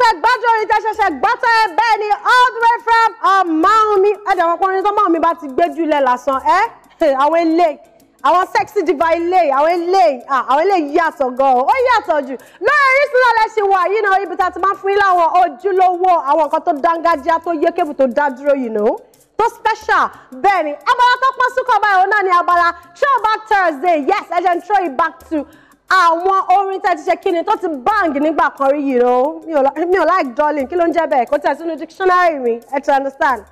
tẹ gbájọ́ orin tẹ ṣẹ̀ṣẹ̀ gbọ́tọ̀ ẹ bẹ́ẹ̀ ni all the way from Ọ̀máwùmí ẹ̀dẹ̀ àwọn ọkùnrin tó Ọ̀máwùmí bá ti gbé jùlẹ̀ lásán ẹ́ àwọn ilé àwọn sexy diva ilé àwọn ilé àwọn ilé yàtọ̀ gan ó yàtọ̀ jù lórí Orísun náà lẹ́sìn wà yìí náà ibi tá a ti máa ń fún yín láwọn ojúlówó àwọn nǹkan tó dángájá tó yékébù tó dá dúró yìí náà tó special bẹ́ẹ̀ ni abala tó pọ́n súnkọ̀ báyìí òun náà ni abala back Thursday yes ẹ jẹ́ n throw it back to àwọn orin tẹ́ ti ṣe kíni tó ti bang nígbà kan rí yìí o mi ò like darling kí ló ń jẹ́ bẹ́ẹ̀ kó tẹ̀ sínú dictionary mi ẹ ti understand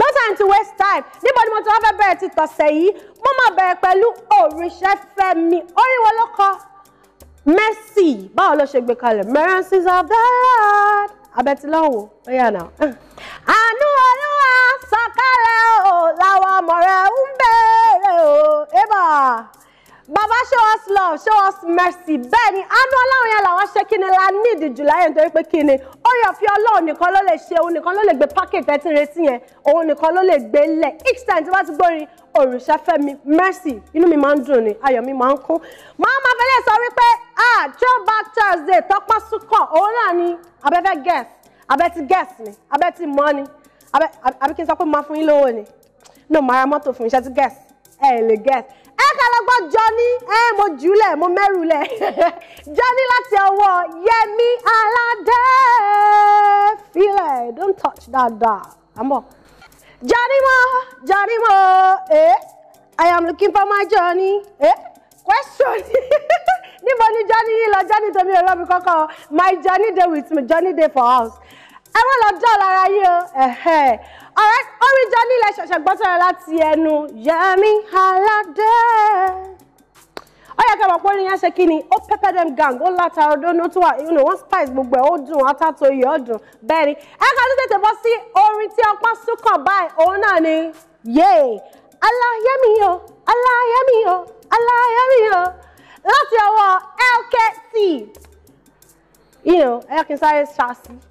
no time to waste time níbo ni mo ti wá fẹ́ bẹ̀rẹ̀ ti tọ̀sẹ̀ yìí mo máa bẹ̀rẹ̀ pẹ̀lú Oríṣẹ́fẹ́mi orin wo ló kọ Mercy báwo ló ṣe gbé kalẹ̀ mercy of the Lord abẹ́tilọ́wọ̀ ó yà náà. show us love show us mercy bẹ́ẹ̀ ni àánú ọlọ́run yẹn làwọn ṣe kí ni la need jùlọ yẹn nítorí pé kí ni orí ọ̀fẹ́ ọlọ́run nìkan ló lè ṣe òun nìkan ló lè gbé packet ẹ̀ tí ń retí yẹn òun nìkan ló lè gbé lẹ̀ each time tí wọ́n ti gbórin òrìṣàfẹ́mi mercy inú mi máa ń dùn ni ayọ̀ mi máa ń kún máa máa fẹ́lẹ́ sọ wípé ah throwback thursday tọpọ́ súnkọ̀ òun náà ni abẹ́fẹ́ guess abẹ́ ti guess ni abẹ́ ti mọ́ ni abẹ́ kí n sọ pé máa fún yín lówó ni no màá ra mọ́tò fún iṣẹ́ ti guess ẹ̀ lè guess kálágbọ́ Johnny ẹ mo jùlẹ̀ mo mẹ́rùlẹ̀ Johnny láti ọwọ́ Yẹmi Aládé filẹ̀ don't touch dáadáa àmọ́ Johnny mo Johnny mo eh I am looking for my Johnny eh question níbo ni Johnny yín lọ Johnny tèmi ò rọ́ kọ́kọ́ my Johnny dey with me Johnny dey for house ẹ má lọ dá lára yín o ọ̀rẹ́ oríjà nílẹ̀ ṣẹ̀ṣẹ̀ gbọ́tọ̀rọ̀ láti ẹnu Yẹmi Aládé ó yẹ kí ọmọ pọ́nrin yẹn ṣe kí ni ó pẹ́pẹ́ dem gang ó láta ọdún ó tún wà you know wọ́n spice gbogbo ẹ̀ ó dùn atátó iyọ̀ ó dùn bẹ́ẹ̀ ni ẹ ká tó tètè bọ́ sí orin tí ọpọ́n súnkàn báyìí òun náà ni yéè aláyẹ̀mí o aláyẹ̀mí o aláyẹ̀mí o láti ọwọ́ LKT you know ẹ kí n sáré ṣáàṣì.